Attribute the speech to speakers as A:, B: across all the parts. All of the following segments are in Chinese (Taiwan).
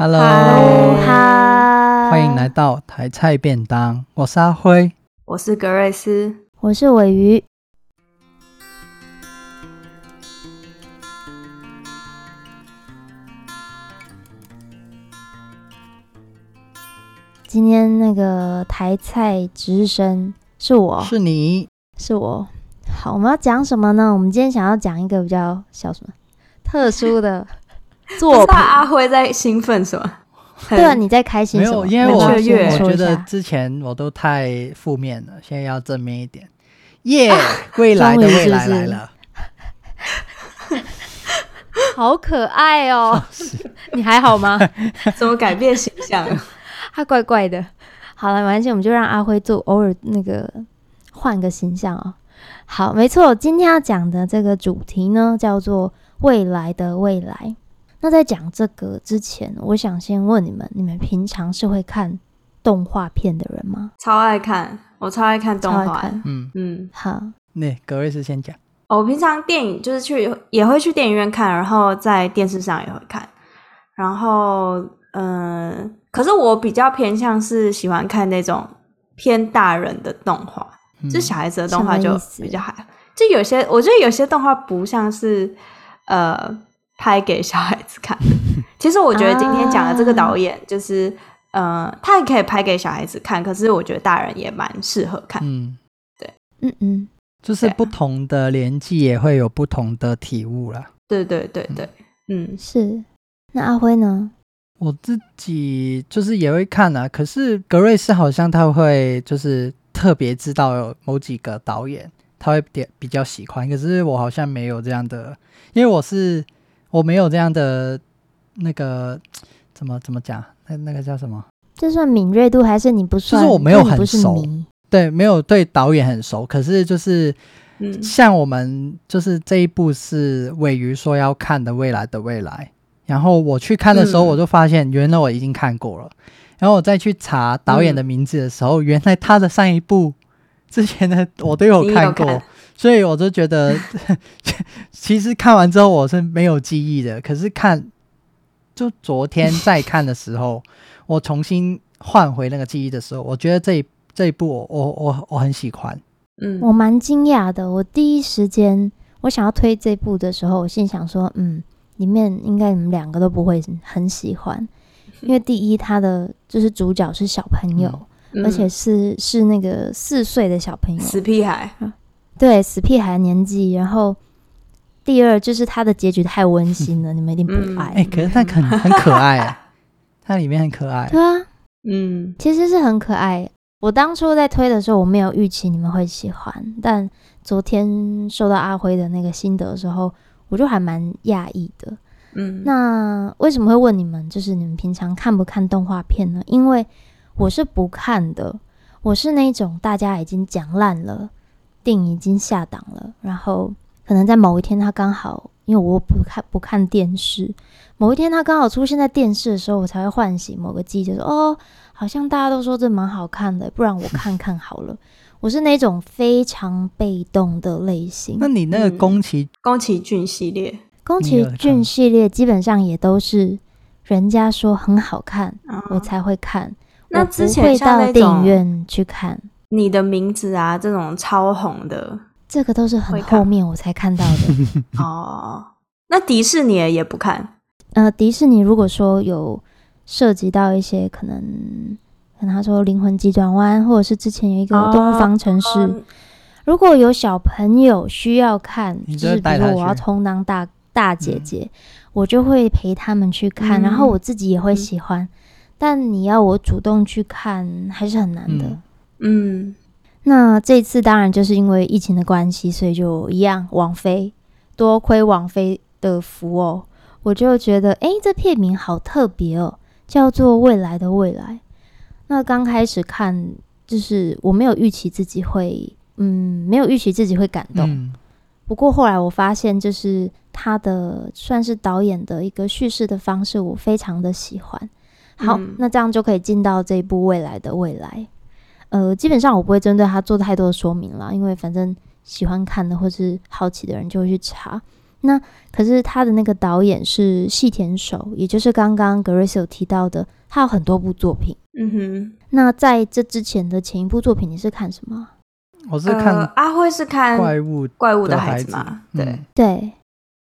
A: Hello，hi, hi 歡迎來到台菜便當。我是阿輝，
B: 我是格瑞斯，
A: 我是鮪魚。
C: 今天那個台菜值日生是我，是你，是我。好，我們要講什麼呢？我們今天想要講一個比較小什麼
B: 特殊的。 做大阿輝在興奮是吧？對啊，你在開心什麼？沒有， 因為我我覺得之
A: 前我都太負面了，現在要正面一點。
B: 耶、yeah, 啊，未來的未來
A: 來了，是是
C: 好可愛哦！
B: 你還好嗎？ 怎麼改變形象？他 、
C: 啊、怪怪的。好了，沒關係我們就讓阿輝做，偶爾那個換個形象啊、喔。好，沒錯，今天要講的這個主題呢，叫做未來的未來。那在講這個之前，我想先問你們：你們平常是會看動畫片的人嗎？
B: 超愛看，我超愛看動畫。嗯嗯，嗯好。那格瑞斯先講。我平常電影就是去，也會去電影院看，然後在電視上也會看。然後，嗯、呃，可是我比較偏向是喜歡看那種偏大人的動畫，
C: 嗯、就小孩子的動畫就比較
B: 少。就有些，我覺得有些動畫不像是，呃。拍給小孩子看， 其實我覺得今天講的這個導演就是，啊、呃，他也可以拍給小孩子看，可是我覺得大人也蠻適合看，
A: 嗯，
B: 對，嗯嗯，
A: 就是不同的年紀也會有不同的體悟了，
B: 對對對對，對嗯，嗯是。
C: 那阿輝呢？
A: 我自己就是也會看啊，可是格瑞斯好像他會就是特別知道有某幾個導演，他會點比較喜歡，可是我好像沒有這樣的，因為我是。我沒有這樣的那個怎麼怎麼講？那那個叫什麼？
C: 就算敏銳度還是你不算？就
A: 是我沒有很熟，對，沒有對導演很熟。可是就是，嗯、像我們就是這一部是鮪魚說要看的未來的未來。然後我去看的時候，我就發現原來我已經看過了。嗯、然後我再去查導演的名字的時候，嗯、原來他的上一部之前的我都有看過。所以我就覺得， 其實看完之後我是沒有記憶的。可是看，就昨天再看的時候， 我重新換回那個記憶的時候，我覺得這一這一部我我我，我很喜歡。
C: 嗯，我蠻驚訝的。我第一時間我想要推這部的時候，我心想說，嗯，裡面應該你們兩個都不會很喜歡，因為第一他的就是主角是小朋友，嗯、而且是是那個四歲的小朋友，死屁孩。啊對死屁孩年紀，然後第二就是他的結局太溫馨了，哼你們一定不愛，嗯。哎，可是他可
A: 能很可愛，啊， 他裡面很可愛。對啊，
C: 嗯，其實是很可愛。我當初在推的時候，我沒有預期你們會喜歡，但昨天收到阿輝的那個心得的時候，我就還蠻訝異的。嗯，那為什麼會問你們？就是你們平常看不看動畫片呢？因為我是不看的，我是那種大家已經講爛了。電影已經下檔了，然後可能在某一天，他剛好因為我不看不看電視，某一天他剛好出現在電視的時候，我才會喚醒某個記憶，說哦，好像大家都說這蠻好看的，不然我看看好了。 我是那種非常被動的類型，那你那個宮崎、嗯、宮崎駿系列，宮崎駿系列基本上也都是人家說很好看，哦、我才會看，我不會到電影院去看。.
B: 你的名字啊，這種超紅的，
C: 這個都是很後面我才看到的會
B: 看 哦。那迪士尼也不看，
C: 呃，迪士尼如果說有涉及到一些可能，跟他說《靈魂急轉彎》或者是之前有一個《動物方城市》哦，如果有小朋友需要看，你就，就是比如我要充當大大姐姐，嗯、我就會陪他們去看，嗯、然後我自己也會喜歡。嗯、但你要我主動去看，還是很難的。嗯嗯，那這次當然就是因為疫情的關係，所以就一樣，網飛，多虧網飛的福哦，我就覺得誒、欸，這片名好特別哦，叫做《未來的未來》。那剛開始看，就是我沒有預期自己會，嗯，沒有預期自己會感動。嗯、不過後來我發現，就是他的算是導演的一個敘事的方式，我非常的喜歡。
B: 好，嗯、
C: 那這樣就可以進到這一部《未來的未來》。呃，基本上我不會針對他做太多的說明啦，因為反正喜歡看的或是好奇的人就會去查。那可是他的那個導演是細田守，也就是剛剛 Grace 有提到的，他有很多部作品。嗯
B: 哼。
C: 那在這之前的前一部作品你是看什麼？
B: 我、呃、是看阿輝是看怪物、怪物的孩子嘛。對、嗯、對。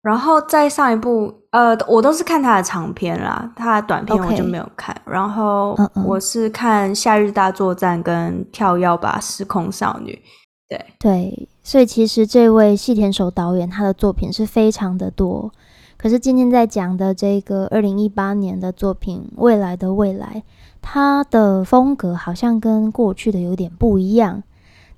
B: 然後再上一部。呃，我都是看他的長片啦，他的短片我就沒有看。Okay. 然後我是看《夏日大作戰》跟《跳躍吧，時空少女》對。對對，
C: 所以其實這位細田守導演他的作品是非常的多。可是今天在講的這個二零一八年的作品《未來的未來》，他的風格好像跟過去的有點不一樣。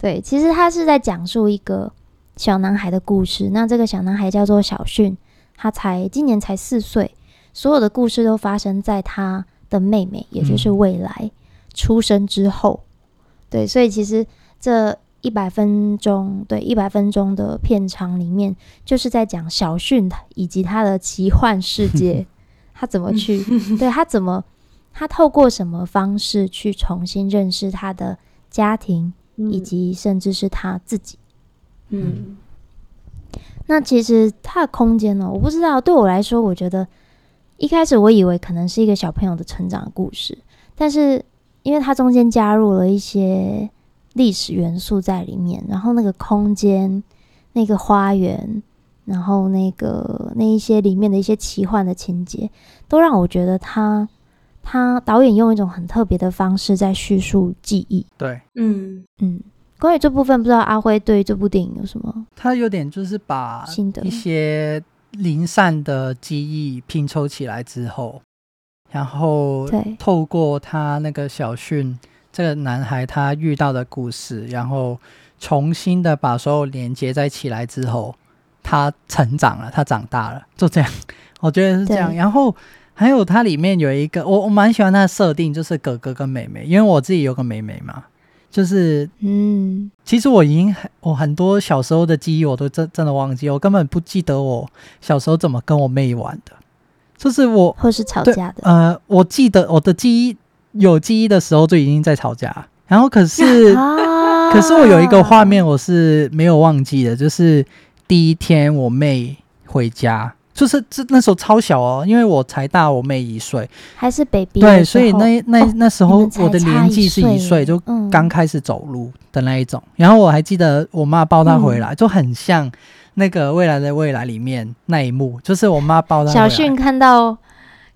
C: 對，其實他是在講述一個小男孩的故事。那這個小男孩叫做小訊。他才今年才四歲，所有的故事都發生在他的妹妹，嗯、也就是未來出生之後。對，所以其實這一百分鐘，對，一百分鐘的片長裡面，就是在講小訊以及他的奇幻世界， 他怎麼去， 對他怎麼，他透過什麼方式去重新認識他的家庭，嗯、以及甚至是他自己。嗯。嗯那其實它的空間呢，我不知道。對我來說，我覺得一開始我以為可能是一個小朋友的成長故事，但是因為它中間加入了一些歷史元素在裡面，然後那個空間、那個花園，然後那個那一些裡面的一些奇幻的情節，都讓我覺得他他導演用一種很特別的方式在敘述記憶。對，嗯嗯。關於這部分，不知道阿輝對這部電影有什麼？他
A: 有點就是把一些零散的記憶拼湊起來之後，然後透過他那個小訊這個男孩他遇到的故事，然後重新的把所有連接在起來之後，他成長了，他長大了，就這樣，我覺得是這樣。對然後還有它裡面有一個我我蠻喜歡它的設定，就是哥哥跟妹妹，因為我自己有個妹妹嘛。就是，嗯，其實我已經很，我很多小時候的記憶我都真真的忘記，我根本不記得我小時候怎麼跟我妹玩的，就是我或是吵架的，呃，我記得我的記憶有記憶的時候就已經在吵架，然後可是、
C: 啊、可是我有一個
A: 畫面我是沒有忘記的，就是第一天我妹回家。就是這，那時候超小哦，喔，因為我才大我妹一歲，
C: 還是 baby 對，所以那那，喔，那時候我的年紀是一歲，一就剛
A: 開始走路的那一種。嗯，然後我還記得我媽抱他回來，嗯，就很像那個未來的未來裡面那一幕，就是我媽抱他。小訊，看到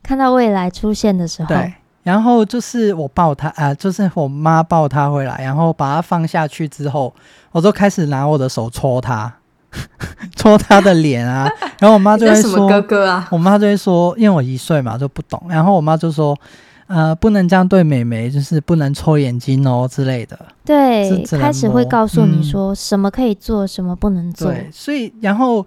A: 看
C: 到未來出現的時候，對。
A: 然後就是我抱他啊，呃，就是我媽抱他回來，然後把他放下去之後，我就開始拿我的手戳他， 戳他的臉啊。 然後我媽就會說：“什麼哥哥啊！”我媽就會說：“因為我一歲嘛，就不懂。”然後我媽就說：“呃，不能這樣對美眉，就是不能戳眼睛哦之類
C: 的。”對，開始會告訴你說、嗯、什麼可以做，什麼不能做。對，所以
A: 然後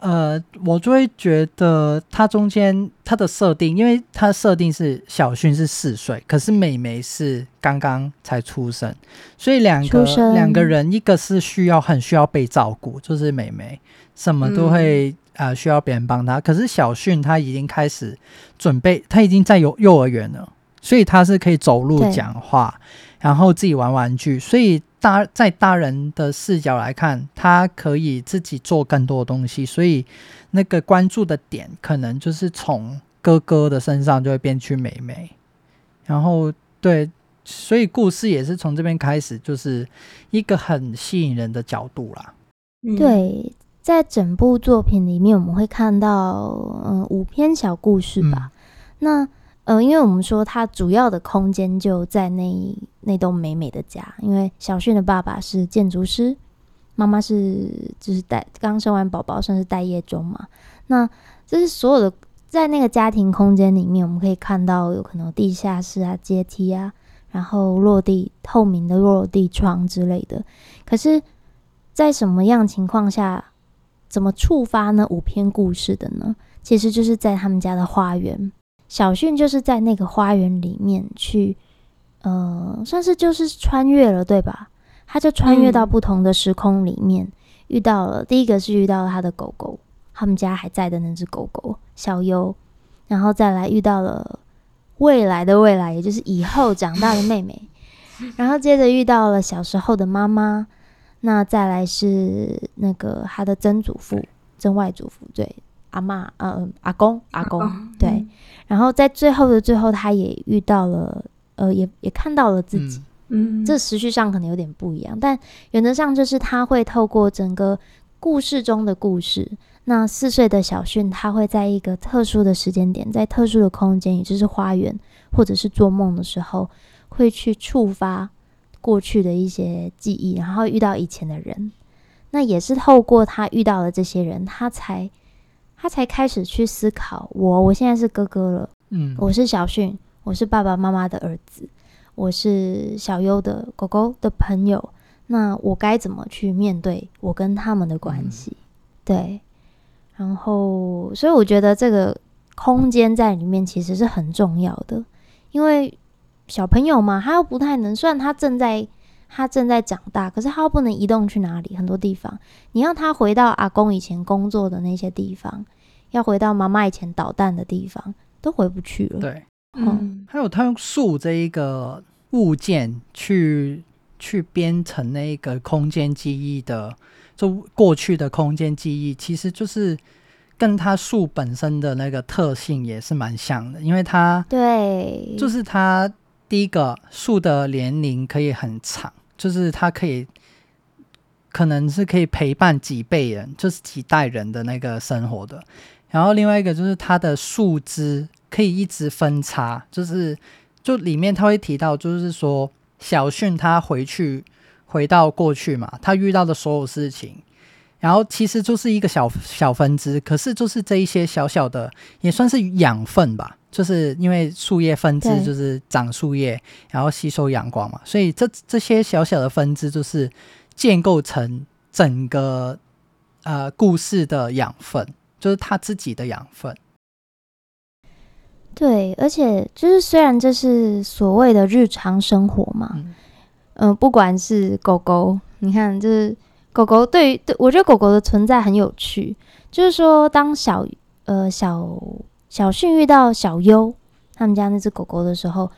A: 呃，我就會覺得它中間它的設定，因為它設定是小訊是四歲，可是美眉是剛剛才出生，所以兩個生兩個人一個是需要很需要被照顧，就是美眉什麼都會。嗯啊、呃，需要別人幫他。可是小訊他已經開始準備，他已經在幼幼兒園了，所以他是可以走路、講話，對然後自己玩玩具。所以大在大人的視角來看，他可以自己做更多東西。所以那個關注的點，可能就是從哥哥的身上就會變去妹妹。然後對，所以故事也是從這邊開始，就是一個很吸引人的角度啦。
C: 對。在整部作品裡面，我們會看到，嗯、呃，五篇小故事吧。嗯、那，呃，因為我們說它主要的空間就在那那棟美美的家，因為小訊的爸爸是建築師，媽媽是就是帶剛生完寶寶，算是待業中嘛。那，就是所有的在那個家庭空間裡面，我們可以看到有可能有地下室啊、階梯啊，然後落地透明的落、落地窗之類的。可是，在什麼樣的情況下？怎麼觸發那五篇故事的呢？其實就是在他們家的花園，小訊就是在那個花園裡面去，呃，算是就是穿越了，對吧？他就穿越到不同的時空裡面，嗯、遇到了第一個是遇到了他的狗狗，他們家還在的那只狗狗小優，然後再來遇到了未來的未來，也就是以後長大的妹妹， 然後接着遇到了小時候的媽媽。那再來是那個他的曾祖父、曾外祖父，對阿嬤、嗯、呃，阿公、阿公，對。然後在最後的最後，他也遇到了，呃，也也看到了自己，嗯，嗯這時序上可能有點不一樣，但原則上就是他會透過整個故事中的故事，那四歲的小訊，他會在一個特殊的時間點，在特殊的空間，也就是花園，或者是做夢的時候，會去觸發。過去的一些記憶，然後遇到以前的人，那也是透過他遇到了這些人，他才他才開始去思考，我我現在是哥哥了，嗯，我是小訊，我是爸爸媽媽的兒子，我是小優的狗狗的朋友，那我該怎麼去面對我跟他們的關係？嗯、對，然後所以我覺得這個空間在裡面其實是很重要的，因為。小朋友嘛，他又不太能算，他正在他正在長大，可是他又不能移動去哪裡？很多地方，你要他回到阿公以前工作的那些地方，要回到媽媽以前搗蛋的地方，都回不去了。對，
A: 嗯，還有他用樹這一個物件去去編成那一個空間記憶的，就過去的空間記憶，其實就是跟他樹本身的那個特性也是蠻像的，因為他對，就是他。第一個樹的年齡可以很長，就是它可以可能是可以陪伴幾輩人，就是幾代人的那個生活的。然後另外一個就是它的樹枝可以一直分叉，就是就裡面他會提到，就是說小訊他回去回到過去嘛，他遇到的所有事情，然後其實就是一個小小分支，可是就是這一些小小的也算是養分吧。就是因為樹葉分支就是長樹葉，對然後吸收陽光嘛，所以這這些小小的分支就是建構成整個呃故事的養分，就是它自己的養分。
C: 對，而且就是雖然這是所謂的日常生活嘛，嗯、呃，不管是狗狗，你看就是狗狗對於，對對我覺得狗狗的存在很有趣，就是說當小呃小。小訊遇到小優他們家那隻狗狗的時候，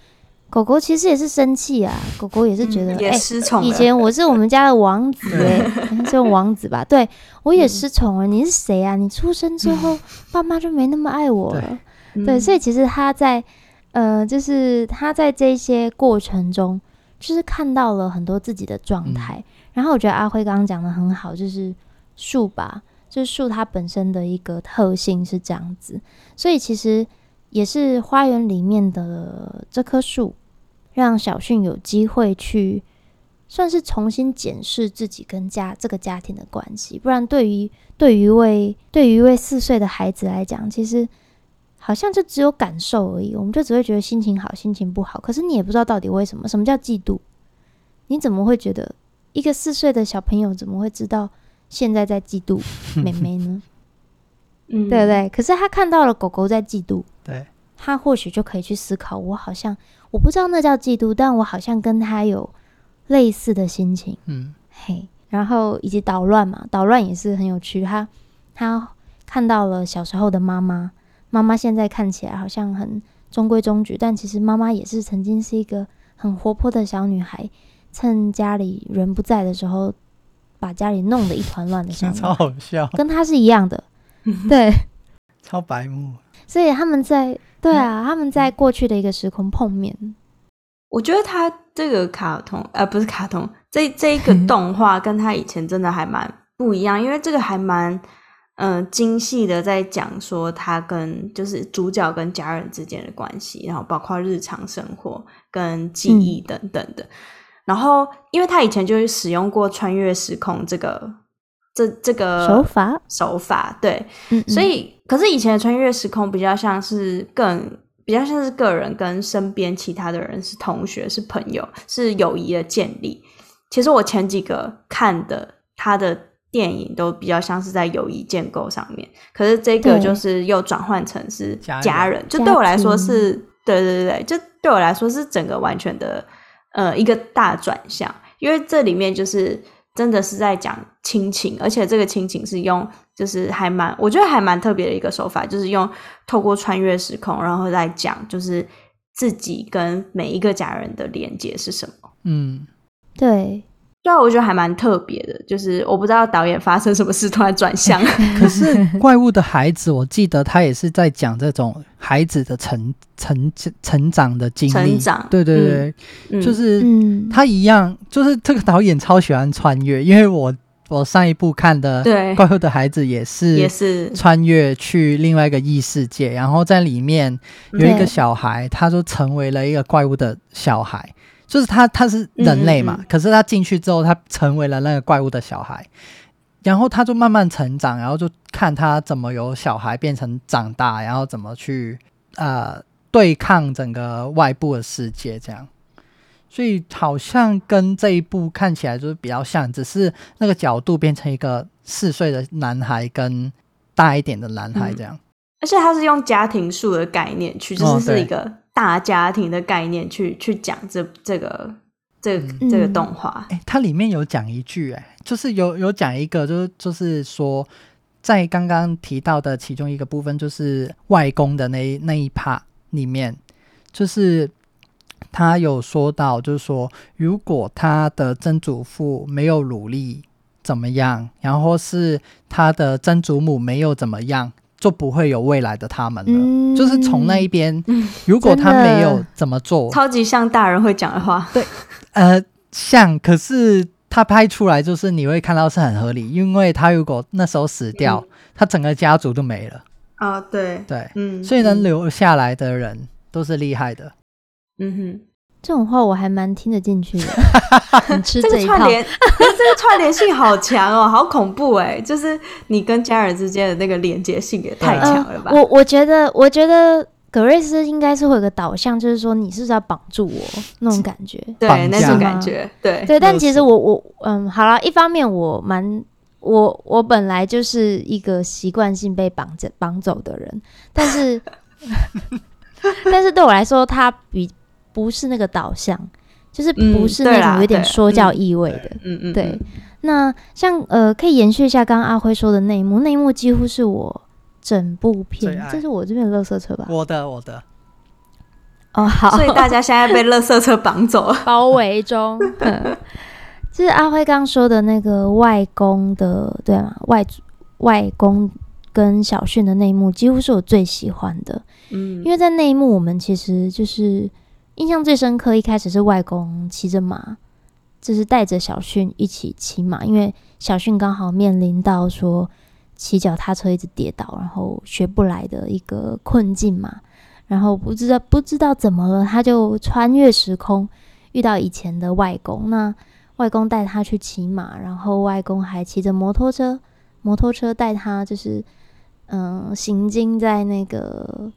C: 狗狗其實也是生氣啊，狗狗也是覺得哎、嗯、也失寵了欸呃，以前我是我們家的王子、欸，這種 王子吧，對，我也失寵了。嗯、你是誰啊？你出生之後，嗯、爸媽就沒那麼愛我了。對，嗯、對，所以其實他在呃，就是他在這些過程中，就是看到了很多自己的狀態。嗯、然後我覺得阿輝剛剛講的很好，就是樹吧。就是樹它本身的一個特性是這樣子，所以其實也是花園裡面的這棵樹，讓小訊有機會去算是重新檢視自己跟家這個家庭的關係。不然對於，對於對於一位對於一位四歲的孩子來講，其實好像就只有感受而已，我們就只會覺得心情好，心情不好，可是你也不知道到底為什麼。什麼叫嫉妒？你怎麼會覺得一個四歲的小朋友怎麼會知道？現在在嫉妒妹妹呢， 嗯，對不對？可是他看到了狗狗在嫉妒，對，他或許就可以去思考，我好像我不知道那叫嫉妒，但我好像跟他有類似的心情，嗯，嘿，然後以及搗亂嘛，搗亂也是很有趣。他他看到了小時候的媽媽，媽媽現在看起來好像很中規中矩，但其實媽媽也是曾經是一個很活潑的小女孩，趁家裡人不在的時候。把家裡弄得一團亂的想，想超
A: 好笑，跟
C: 他是一樣的， 對，
B: 超白目。
C: 所以他們在對啊，那 他們在過去的一個時空碰面。
B: 我覺得他這個卡通，呃，不是卡通，這這一個動畫跟他以前真的還蠻不一樣，嗯、因為這個還蠻嗯、呃、精細的，在講說他跟就是主角跟家人之間的關係，然後包括日常生活跟記憶等等的。嗯然後，因為他以前就使用過穿越時空這個這這個手法手法，對，嗯嗯，所以可是以前的穿越時空比較像是更比較像是個人跟身邊其他的人是同學是朋友是友誼的建立。其實我前幾個看的他的電影都比較像是在友誼建構上面，可是這個就是又轉換成是家人，對就對我來說是，家人，家庭，對，對對對，就對我來說是整個完全的。呃，一個大轉向，因為這裡面就是真的是在講親情，而且這個親情是用，就是還蠻，我覺得還蠻特別的一個手法，就是用透過穿越時空，然後來講，就是自己跟每一個家人的連接是什麼？嗯，對。對啊，我覺得還蠻特別的，就是我不知道導演發生什麼事突然轉向。 可是
A: 《怪物的孩子》，我記得他也是在講這種孩子的成成成長的經歷。成長，對對對，就是他一樣，就是這個導演超喜歡穿越，因為我我上一部看的《怪物的孩子》也是也是穿越去另外一個異世界，是然後在裡面有一個小孩，對他就成為了一個怪物的小孩。就是他，他是人類嘛，嗯嗯嗯、可是他進去之後，他成為了那個怪物的小孩，然後他就慢慢成長，然後就看他怎麼由小孩變成長大，然後怎麼去、呃、對抗整個外部的世界這樣。所以好像跟這一部看起來就是比較像，只是那個角度變成一個四歲的男孩跟大一點的男孩這樣，
B: 嗯、而且他是用家庭樹的概念去，就是是一個、哦、對。大家庭的概念去去講這這個這個嗯、這個動畫，哎、欸，
A: 它裡面有講一句、欸，哎，就是有有講一個就，就是就是說，在剛剛提到的其中一個部分，就是外公的那那一趴裡面，就是他有說到，就是說，如果他的曾祖父沒有努力怎麼樣，然後是他的曾祖母沒有怎麼樣。就不會有未來的他們了，
B: 嗯、就是從那一邊，嗯、
A: 如果他沒有怎麼做，超
B: 級像大人會講的話，對，
A: 呃，像，可是他拍出來就是你會看到是很合理，因為他如果那時候死掉，嗯、他整個家族都沒
B: 了啊，對、嗯、對，嗯，所以能
A: 留下來的人都是厲害的，嗯
B: 哼。這種話我還蠻聽得進去的。 你吃這一套。這個串聯 性好強哦、喔，好恐怖哎、欸！就是你跟家人之間的那個連接性也太強了吧？呃、我
C: 我覺得，我覺得格瑞斯應該是會有個導向，就是說你是不是要綁住我那種感覺？對，那種感覺，綁架。是嗎？對，對，對。但其實我我嗯，好啦，一方面我蠻我我本來就是一個習慣性被綁着綁走的人，但是 但是對我來說，他比。不是那個導向，
B: 就是不是那種有點說
C: 教意味的。嗯嗯，對。那像呃，可以延續一下剛剛阿輝說的那一幕，那一幕幾乎是我整部片，愛這是我這邊的垃圾車吧？我的，我的。哦，oh, 好。所以大家
B: 現在被垃圾車綁走了， 包圍中、 嗯。就
C: 是阿輝剛，剛說的那個外公的，對嗎？外外公跟小訊的那一幕，幾乎是我最喜歡的。嗯，因為在那一幕，我們其實就是。印象最深刻，一開始是外公騎着馬，就是帶着小訊一起騎馬，因為小訊剛好面臨到說騎腳踏車一直跌倒，然後學不來的一個困境嘛。然後不知道不知道怎麼了，他就穿越時空，遇到以前的外公。那外公帶他去騎馬，然後外公還騎着摩托車，摩托車帶他就是嗯、呃、行經在那個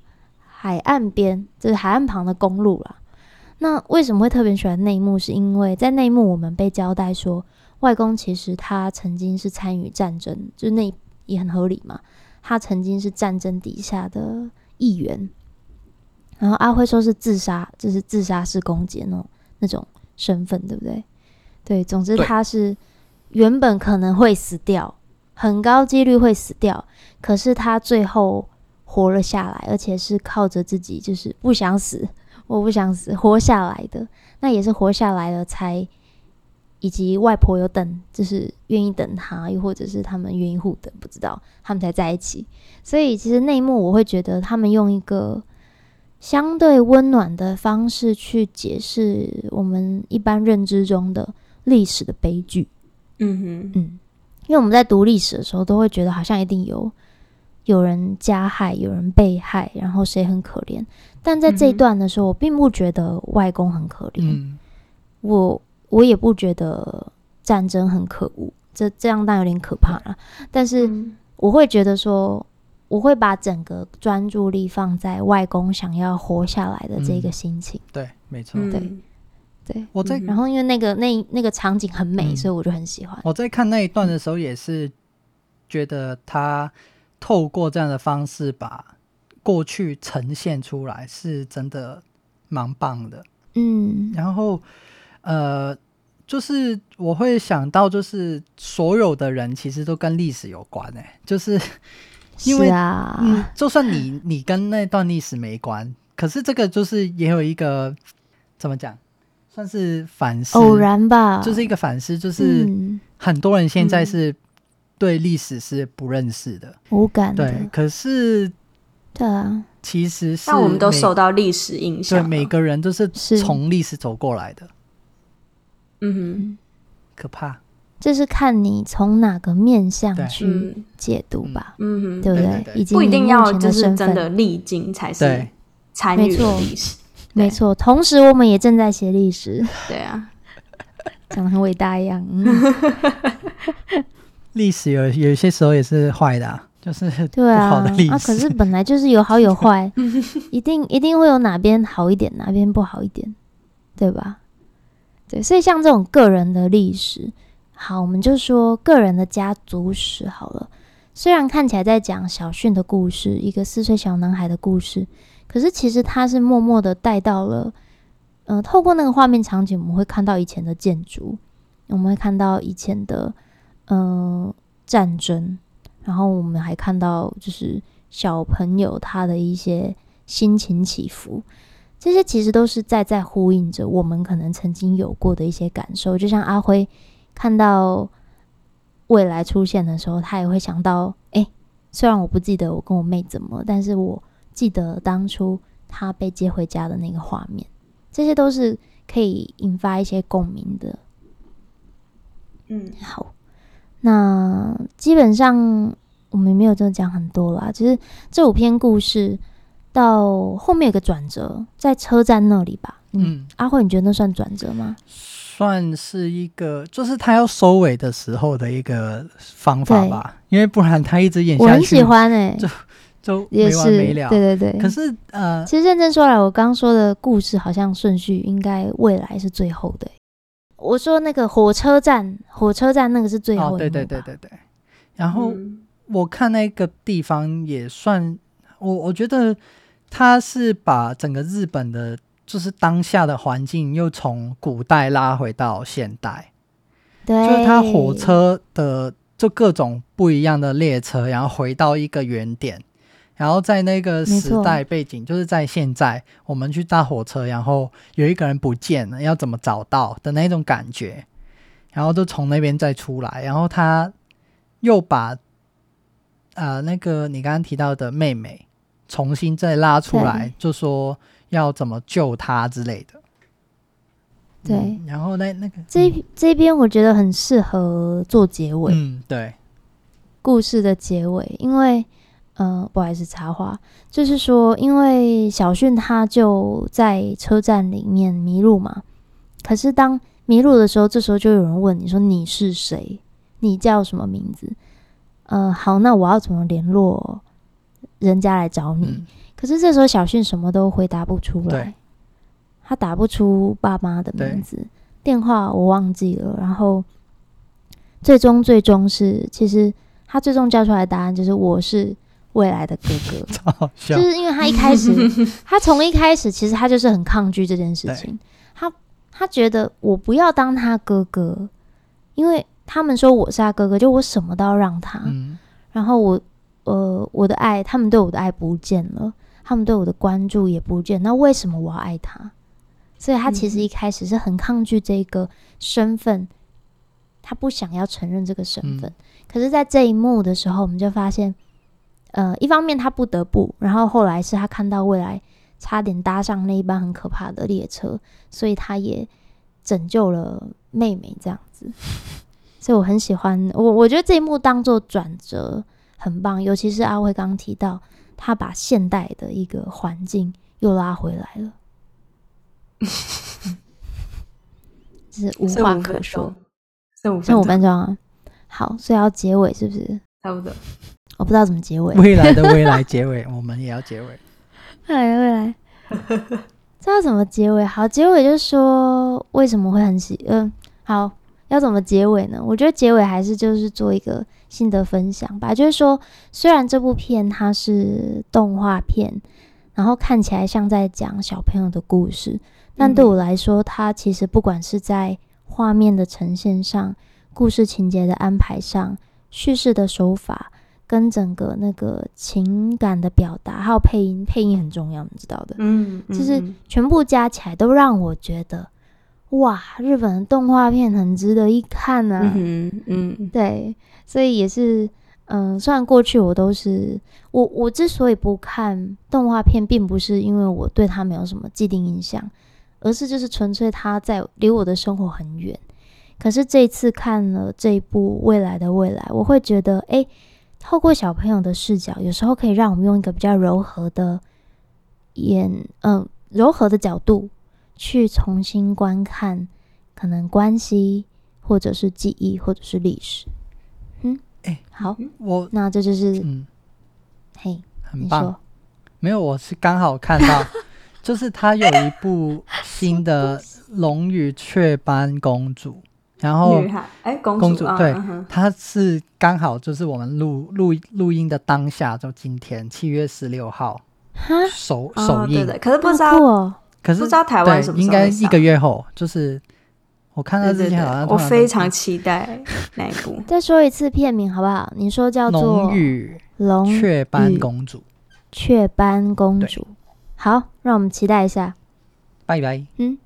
C: 海岸邊，就是海岸旁的公路啦。那為什麼會特別喜歡內幕？是因為在內幕，我們被交代說，外公其實他曾經是參與戰爭，就那也很合理嘛。他曾經是戰爭底下的一員，然後阿輝說是自殺，就是自殺式攻擊那種那種身份，對不對？對，總之他是原本可能會死掉，很高幾率會死掉，可是他最後活了下來，而且是靠着自己，就是不想死。我不想死，活下來的，那也是活下來了，才以及外婆有等，就是願意等他，又或者是他們願意互等，不知道他們才在一起。所以其實那一幕，我會覺得他們用一個相對溫暖的方式去解釋我們一般認知中的歷史的悲劇。
B: 嗯哼，
C: 嗯，因為我們在讀歷史的時候，都會覺得好像一定有。有人加害，有人被害，然後誰很可憐？但在這一段的時候，嗯、我並不覺得外公很可憐，嗯、我我也不覺得戰爭很可惡，這這樣當然有點可怕了。對但是我會覺得說，嗯、我會把整個專注力放在外公想要活下來的這個心情、
A: 嗯。對，沒錯，對對，
C: 對我在、嗯。然後因為那個那那個場景很美，嗯、所以我就很喜歡。
A: 我在看那一段的時候，也是覺得他。透過這樣的方式把過去呈現出來，是真的蠻棒的。嗯，然後呃，就是我會想到，就是所有的人其實都跟歷史有關、欸，哎，就是
C: 因為是啊、嗯，
A: 就算你你跟那段歷史沒關，可是這個就是也有一個怎麼講，算是反思偶然吧，就是一個反思，就是很多人現在是、嗯。嗯對歷史是不認識的，
C: 無感
B: 的。對，可是對啊，
A: 其實是，但我們都受到歷史影響。對，每個人都是從歷史走過來的。
C: 嗯哼，可怕。這是看你從哪個面向去解讀吧。
B: 嗯哼，對不對，對，對？不一定要就是真的歷經才是參與歷史，
C: 沒錯。同時，我們也正在寫歷史。對啊，講得很偉大一樣。嗯
A: 歷史有有些時候也是壞的，啊，就是不好的歷史。對啊，那，啊，可是本來就是有好有壞，
C: 一定一定會有哪邊好一點，哪邊不好一點，對吧？對，所以像這種個人的歷史，好，我們就說個人的家族史好了。雖然看起來在講小迅的故事，一個四歲小男孩的故事，可是其實他是默默的帶到了，嗯，呃，透過那個畫面場景我，我們會看到以前的建築，我們會看到以前的。嗯、呃，戰爭，然後我們還看到就是小朋友他的一些心情起伏，這些其實都是在在呼應着我們可能曾經有過的一些感受。就像阿輝看到未來出現的時候，他也會想到：哎、欸，雖然我不記得我跟我妹怎麼，但是我記得當初他被接回家的那個畫面。這些都是可以引發一些共鳴的。嗯，好。那基本上我們沒有真的講很多啦，其實這五篇故事到後面有個轉折，在車站那裡吧。嗯，嗯，阿慧，你覺得那算轉折嗎？
A: 算是一個，就是他要收尾的時候的一個方法吧，對，因為不然他一直演下去，我很喜
C: 歡哎、欸，就就沒完沒了。對對對。可是呃，其實認真說來，我剛說的故事好像順序應該未來是最後的，欸。我說那個火車站，火車站那個是最後一幕吧，哦。對對對對對。
A: 然後、嗯、
C: 我看
A: 那個地方也算，我我覺得他是把整個日本的，就是當下的環境又從古代拉回到現代。
C: 對。就是他火車
A: 的，就各種不一樣的列車，然後回到一個原點。然後在那個時代背景，錯就是在現在，我們去搭火車，然後有一個人不見了，要怎麼找到的那種感覺，然後就從那邊再出來，然後他又把、呃、那個你剛剛提到的妹妹重新再拉出來，對就說要怎麼救她之類的。對、
C: 嗯。然後那那個這這邊我覺得很適合做結尾，嗯，對，故事的結尾，因為。嗯，呃、不好意思插話，就是說，因為小訊他就在車站裡面迷路嘛。可是當迷路的時候，這時候就有人問你說，你是誰？你叫什麼名字？呃，好，那我要怎麼聯絡人家來找你？嗯、可是這時候小訊什麼都回答不出
B: 來，
C: 對他打不出爸媽的名字，對電話我忘記了。然後最終最終是，其實他最終叫出來的答案就是我是。未來的哥哥， 就是因為他一開始， 他從一開始其實他就是很抗拒這件事情。對他他覺得我不要當他哥哥，因為他們說我是他哥哥，就我什麼都要讓他。嗯、然後我呃我的愛，他們對我的愛不見了，他們對我的關注也不見，那為什麼我要愛他？所以他其實一開始是很抗拒這個身份，嗯、他不想要承認這個身份。嗯、可是，在這一幕的時候，我們就發現。呃，一方面他不得不，然後後來是他看到未來，差點搭上那一班很可怕的列車，所以他也拯救了妹妹這樣子。所以我很喜歡我，我覺得這一幕當做轉折很棒，尤其是阿慧剛剛提到，他把現代的一個環境又拉回來了， 這是無話可說。剩五分，剩五分，剩五分鐘啊。好，所以要結尾是不是？差不多。我不知道怎麼結尾，未來的未來
A: 結尾， 我們也要結尾。
C: 未來的未來，知道怎麼結尾？好，結尾就是說為什麼會很喜，嗯，好，要怎麼結尾呢？我覺得結尾還是就是做一個心得分享吧，就是說，雖然這部片它是動畫片，然後看起來像在講小朋友的故事，但對我來說，嗯、它其實不管是在畫面的呈現上、故事情節的安排上、敘事的手法。跟整個那個情感的表達，還有配音，配音很重要，你知道的。嗯，嗯就是全部加起來都讓我覺得，哇，日本的動畫片很值得一看啊。嗯嗯，對，所以也是，嗯，雖然過去我都是我我之所以不看動畫片，並不是因為我對它沒有什麼既定印象，而是就是純粹它在離我的生活很遠。可是這次看了這一部《未來的未來》，我會覺得，哎、欸。透過小朋友的視角，有時候可以讓我們用一個比較柔和的眼，嗯、呃，柔和的角度去重新觀看可能關係，或者是記憶，或者是歷史。嗯，哎、欸，好，我、嗯、那這就是，嗯，嘿，很
A: 棒，你說，沒有，我是剛好看到， 就是他有一部新的《龍與雀斑公主》。然後，哎，公主，對，她是剛好就是我們錄錄錄音的當下，就今天七月十六號，首首映，對，可是不知道，可是不知道台灣什麼應該一個月後，就是我看到之前好像，我非
C: 常期待那一部。再說一次片名好不好？你說叫做
A: 《龍與雀斑公主》，
C: 雀斑公主，好，讓我們期待一下，
A: 拜拜，嗯，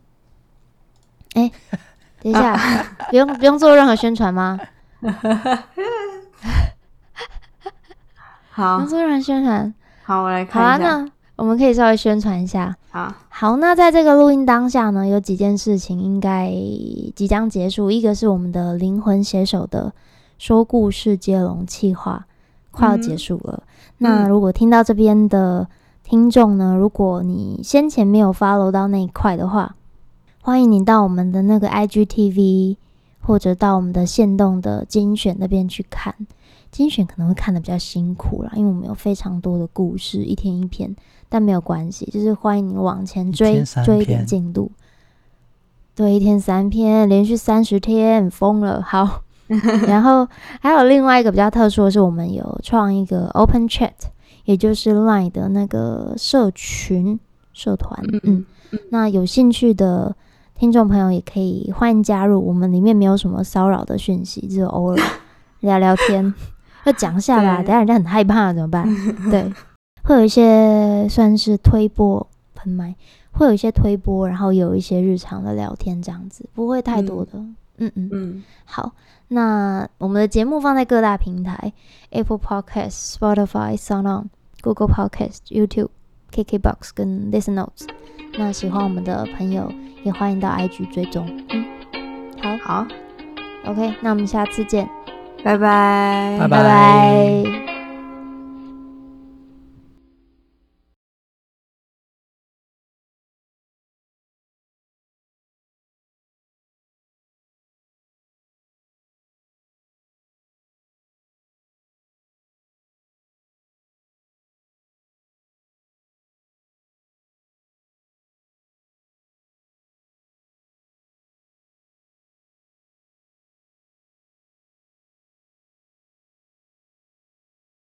C: 哎。等一下， 不用不用做任何宣傳嗎？好，不用做任何宣傳。 好，宣好，我來看一下。好，啊，那我們可以稍微宣傳一下。好，好，那在這個錄音當下呢，有幾件事情應該即將結束。一個是我們的靈魂寫手的說故事接龍計劃快要結束了。嗯、那如果聽到這邊的聽眾呢，如果你先前沒有 follow 到那一塊的話。歡迎您到我們的那個 IGTV，或者到我們的限動的精選那邊去看。精選可能會看得比較辛苦啦，因為我們有非常多的故事，一天一篇，但沒有關係，就是歡迎你往前追一篇三篇追一點進度。對，一天三篇，連續三十天，瘋了。好， 然後還有另外一個比較特殊的是，我們有創一個 Open Chat，也就是 Line 的那個社群社團。嗯咳咳嗯，那有興趣的。聽眾朋友也可以歡迎加入，我們裡面沒有什麼騷擾的訊息，只有偶爾聊聊天， 要講一下吧。對等下人家很害怕怎麼辦？ 對，會有一些算是推播噴麥，會有一些推播，然後有一些日常的聊天這樣子，不會太多的。嗯嗯
B: 嗯，嗯
C: 好，那我們的節目放在各大平台：Apple Podcast、Spotify、SoundOn、Google Podcast、YouTube、KKBox 跟 Listen Notes。那喜歡我們的朋友也歡迎到 IG 追蹤。嗯，好，好，OK，那我們下次見，拜拜，拜拜。